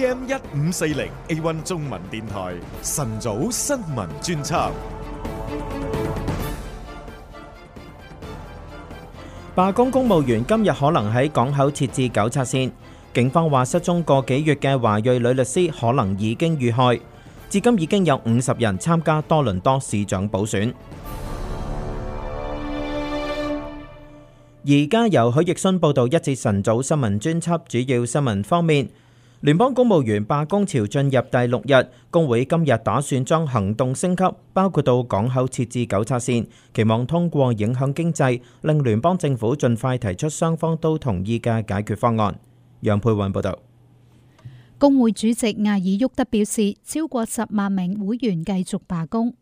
am 一五四零 A One 中文電台晨早新聞專輯，罷工公務員今日可能喺港口設置糾察線。警方話失蹤個幾月嘅華裔女律師可能已經遇害。至今已經有五十人參加多倫多市長補選。而家由許奕迅報道一節晨早新聞專輯，主要新聞方面。聯邦公務員罷工潮進入第六日，工會今日打算將行動升級，包括到港口設置糾察線，期望通過影響經濟，令聯邦政府盡快提出雙方都同意嘅解決方案。楊佩雲報導。工會主席艾爾沃德表示，超過十萬名會員繼續罷工。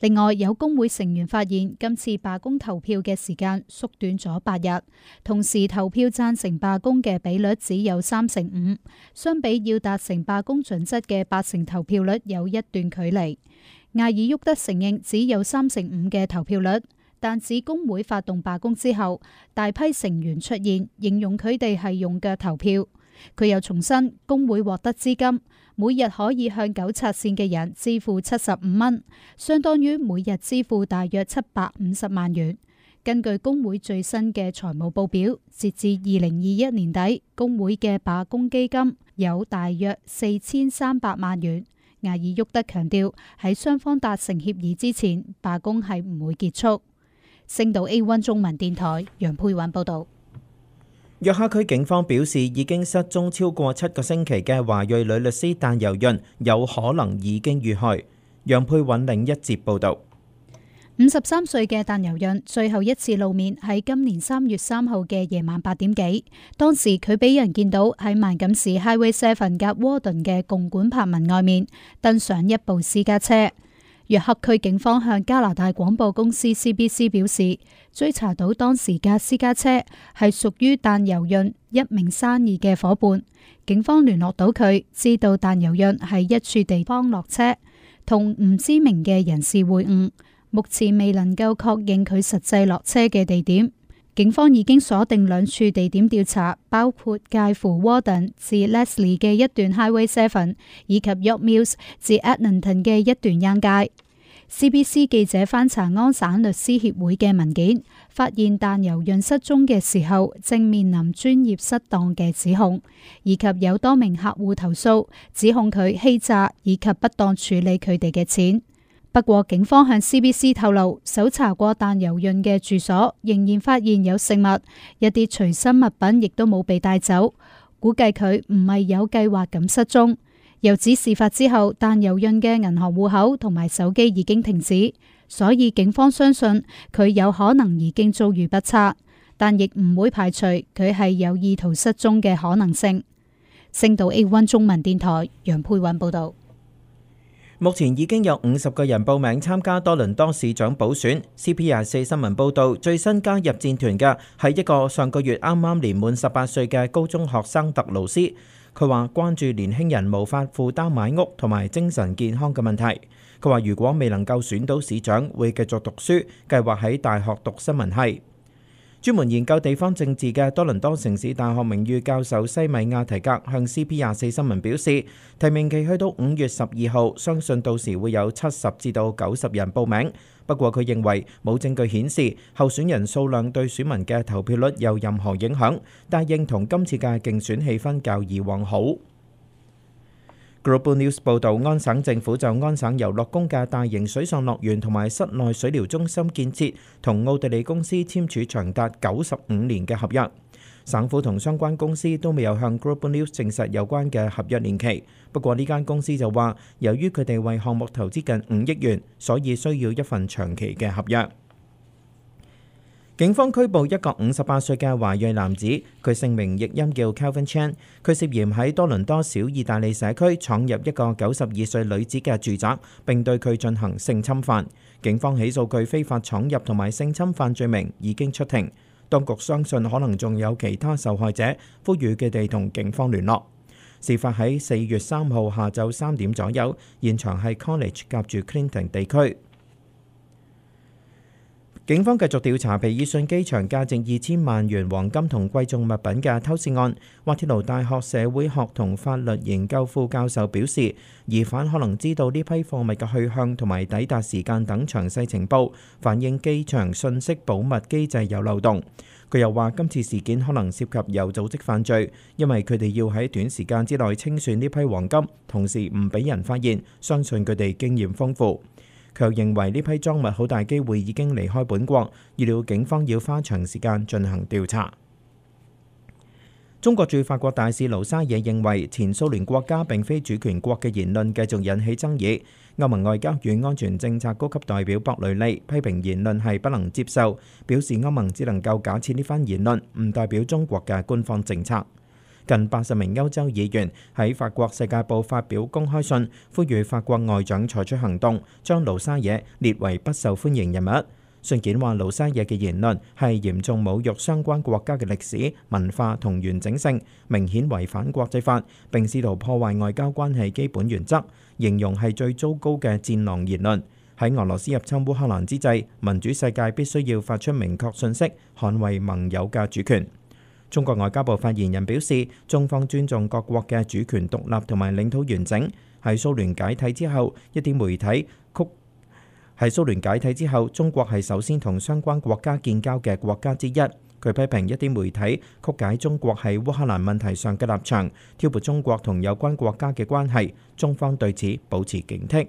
另外，有工會成員發現，今次罷工投票嘅時間縮短咗八日，同時投票贊成罷工嘅比率只有三成五，相比要達成罷工準則嘅八成投票率，有一段距離。艾爾沃德承認只有三成五嘅投票率，但自工會發動罷工之後，大批成員出現，形容佢哋係用腳投票。佢又重申，工會獲得資金，每日可以向糾察線嘅人支付七十五蚊，相當於每日支付大約七百五十萬元。根據工會最新嘅財務報表，截至二零二一年底，工會嘅罷工基金有大約四千三百萬元。艾爾沃德強調，喺雙方達成協議之前，罷工係唔會結束。星島 A one 中文電台楊佩韻報道。約克區警方表示，已經失蹤超過七個星期嘅華裔女律師但尤潤有可能已經遇害。楊佩允另一節報道，五十三歲嘅但尤潤最後一次露面喺今年三月三號嘅夜晚八點幾，當時佢俾人見到喺曼錦市 Highway Seven 及 Warden 嘅共管柏文外面登上一部私家車。約克區警方向加拿大廣播公司 CBC 表示，追查到當時嘅私家車係屬於但尤潤一名生意嘅伙伴，警方聯絡到佢，知道但尤潤喺一處地方落車，同唔知名嘅人士會晤，目前未能夠確認佢實際落車嘅地點。警方已經鎖定兩處地點調查，包括介乎 Warden 至 Leslie 嘅一段 Highway Seven，以及 York Mills 至 Eglinton 嘅一段央街。CBC 記者翻查安省律師協會嘅文件，發現但尤潤失蹤嘅時候正面臨專業失當嘅指控，以及有多名客戶投訴指控佢欺詐以及不當處理佢哋嘅錢。不過警方向 CBC 透露，搜查過但尤潤嘅住所，仍然發現有食物，一啲隨身物品亦都冇被帶走。估計佢唔係有計劃咁失蹤。又指事發之後，但尤潤嘅銀行戶口同埋手機已經停止，所以警方相信佢有可能已經遭遇不測，但亦唔會排除佢係有意圖失蹤嘅可能性。星島 A1 中文電台楊佩韻報道。目前已經有五十個人報名參加多倫多市長補選。CPR 四新聞報導，最新加入戰團嘅係一個上個月啱啱年滿十八歲嘅高中學生特勞斯。佢話關注年輕人無法負擔買屋同埋精神健康嘅問題。佢話如果未能夠選到市長，會繼續讀書，計劃喺大學讀新聞系。專門研究地方政治嘅多倫多城市大學名譽教授西米亞提格向 CP 廿四新聞表示，提名期去到五月十二號，相信到時會有七十至到九十人報名。不過佢認為冇證據顯示候選人數量對選民嘅投票率有任何影響，但認同今次嘅競選氣氛較以往好。Global News 報道，安省政府就安省遊樂宮嘅大型水上樂園同埋室內水療中心建設，同奧地利公司簽署長達九十五年嘅合約。省府同相關公司都未有向 Global News 證實有關嘅合約年期。不過呢間公司就話，由於佢哋為項目投資近五億元，所以需要一份長期嘅合約。警方拘捕一個五十八歲嘅華裔男子，佢姓名譯音叫 Calvin Chan，佢涉嫌喺多倫多小意大利社區闖入一個九十二歲女子嘅住宅，並對佢進行性侵犯。警方起訴佢非法闖入同埋性侵犯罪名，已經出庭。當局相信可能仲有其他受害者，呼籲佢哋同警方聯絡。事發喺四月三號下晝三點左右，現場係 College 夾住 Clinton 地區。警方繼續調查皮爾遜機場價值二千萬元黃金同貴重物品嘅偷竊案。滑鐵盧大學社會學同法律研究副教授表示，疑犯可能知道呢批貨物嘅去向同埋抵達時間等詳細情報，反映機場信息保密機制有漏洞。佢又話，今次事件可能涉及有組織犯罪，因為佢哋要喺短時間之內清算呢批黃金，同時唔俾人發現。相信佢哋經驗豐富。卻認為呢批贓物好大機會已經離開本國，預料警方要花長時間進行調查。中國駐法國大使盧沙野認為前蘇聯國家並非主權國嘅言論繼續引起爭議。歐盟外交與安全政策高級代表博雷利批評言論係不能接受，表示歐盟只能夠假設呢番言論唔代表中國嘅官方政策。近八十名歐洲議員喺法國世界報發表公開信，呼籲法國外長採取行動，將盧沙野列為不受歡迎人物。信件話盧沙野嘅言論係嚴重侮辱相關國家嘅歷史、文化同完整性，明顯違反國際法，並試圖破壞外交關係基本原則，形容係最糟糕嘅戰狼言論。喺俄羅斯入侵烏克蘭之際，民主世界必須要發出明確訊息，捍衛盟友嘅主權。中國外交部發言人表示，中方尊重各國嘅主權獨立同埋領土完整。喺蘇聯解體之後，一啲媒體曲，喺蘇聯解體之後，中國係首先同相關國家建交嘅國家之一。佢批評一啲媒體曲解中國喺烏克蘭問題上嘅立場，挑撥中國同有關國家嘅關係。中方對此保持警惕。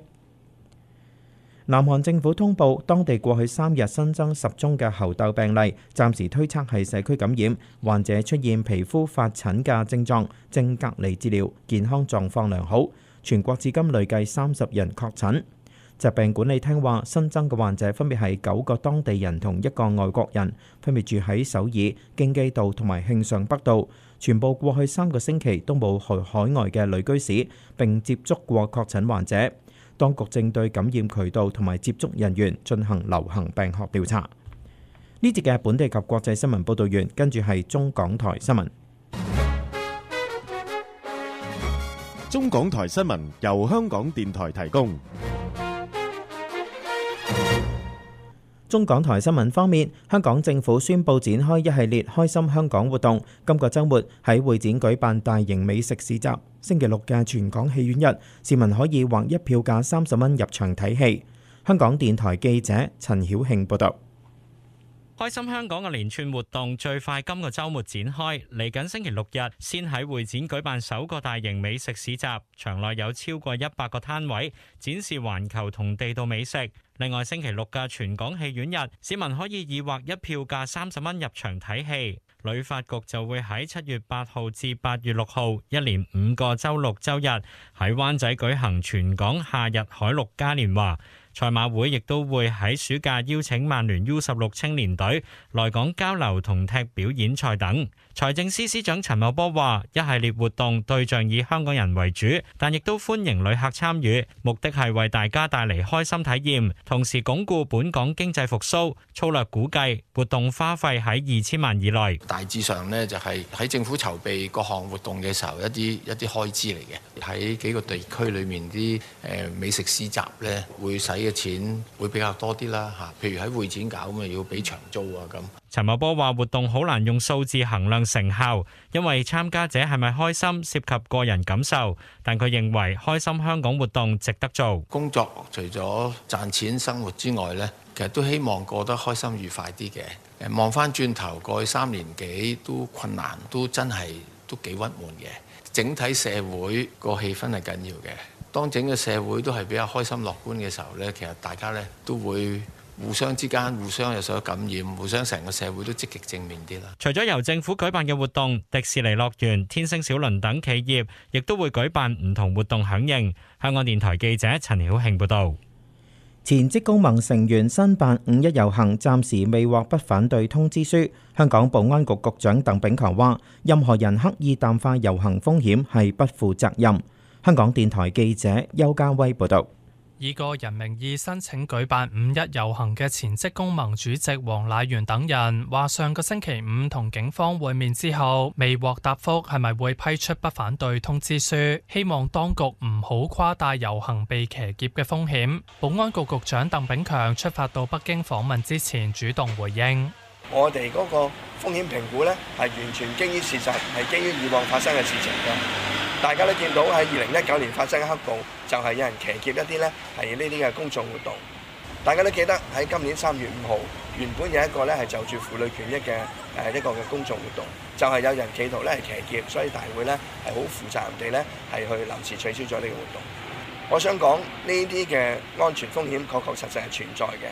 南韓政府通報，當地過去三日新增十宗嘅猴痘病例，暫時推測係社區感染，患者出現皮膚發疹嘅症狀，正隔離治療，健康狀況良好。全國至今累計三十人確診。疾病管理廳話，新增嘅患者分別係九個當地人同一個外國人，分別住喺首爾、京畿道同埋慶尚北道，全部過去三個星期都冇去海外嘅旅居史，並接觸過確診患者。當局正對感染渠道同埋接觸人員進行流行病學調查。呢節嘅本地及國際新聞報導員，跟住係中港台新聞。中港台新聞由香港電台提供。中港台新聞方面，香港政府宣布展開一系列開心香港活動，今個周末喺會展舉辦大型美食市集，星期六嘅全港戲院日，市民可以劃一票價三十蚊入場睇戲，香港電台記者陳曉慶報道。開心香港嘅連串活動最快今個周末展開，嚟緊星期六日先喺會展舉辦首個大型美食市集，場內有超過一百個攤位展示環球同地道美食。另外星期六嘅全港戲院日，市民可以以劃一票價三十蚊入場睇戲。旅發局就會喺七月八號至八月六號，一連五個周六周日喺灣仔舉行全港夏日海陸嘉年華。賽馬會亦都會喺暑假邀請曼聯 U 十六青年隊來港交流同踢表演賽等。財政司司長陳茂波話，一系列活動對象以香港人為主，但亦都歡迎旅客參與，目的係為大家帶嚟開心體驗，同時鞏固本港經濟復甦。粗略估計，活動花費喺二千萬以內。大致上呢就係喺政府籌備各項活動嘅時候，一啲一啲開支嚟嘅，喺幾個地區裏面啲誒美食市集呢，會使。嘅錢會比較多啲啦嚇，譬如喺會展搞咁啊，要俾長租啊咁。陳茂波話：活動好難用數字衡量成效，因為參加者係咪開心涉及個人感受。但佢認為開心香港活動值得做。工作除咗賺錢生活之外呢，其實都希望過得開心愉快啲嘅。誒，望翻轉頭過去三年幾都困難，都真係都幾鬱悶嘅。整體社會個氣氛係緊要嘅。當整個社會都係比較開心樂觀嘅時候咧，其實大家咧都會互相之間、互相有所感染，互相成個社會都積極正面啲啦。除咗由政府舉辦嘅活動，迪士尼樂園、天星小輪等企業亦都會舉辦唔同活動響應。香港電台記者陳曉慶報道。前職工盟成員申辦五一遊行，暫時未獲不反對通知書。香港保安局局長鄧炳強話：任何人刻意淡化遊行風險係不負責任。香港電台記者邱家威報道，以個人名義申請舉辦五一遊行嘅前職工盟主席黃乃元等人話，上個星期五同警方會面之後，未獲答覆，係咪會批出不反對通知書？希望當局唔好誇大遊行被騎劫嘅風險。保安局局長鄧炳強出發到北京訪問之前，主動回應：我哋嗰個風險評估咧，係完全基於事實，係基於以往發生嘅事情嘅。大家都見到喺二零一九年發生嘅黑暴，就係有人騎劫一啲呢係呢啲嘅公眾活動。大家都記得喺今年三月五號，原本有一個呢係就住婦女權益嘅誒一個嘅公眾活動，就係有人企圖呢係騎劫，所以大會呢係好負責任哋呢係去臨時取消咗呢個活動。我想講呢啲嘅安全風險確確實實係存在嘅。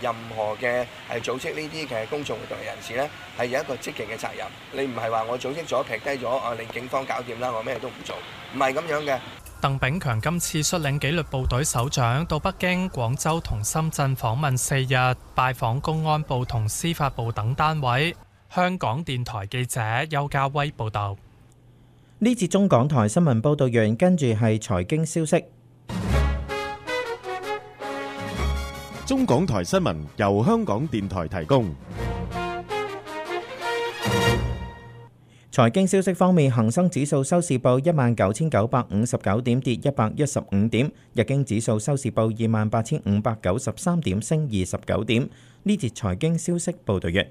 任何嘅係組織呢啲嘅公眾活動人士呢，係有一個積極嘅責任。你唔係話我組織咗劈低咗啊，令警方搞掂啦，我咩都唔做，唔係咁樣嘅。鄧炳強今次率領紀律部隊首長到北京、廣州同深圳訪問四日，拜訪公安部同司法部等單位。香港電台記者邱家威報導。呢節中港台新聞報導完，跟住係財經消息。中港台新聞由香港電台提供。財經消息方面，恒生指數收市報一萬九千九百五十九點，跌一百一十五點；日經指數收市報二萬八千五百九十三點，升二十九點。呢節財經消息報道完。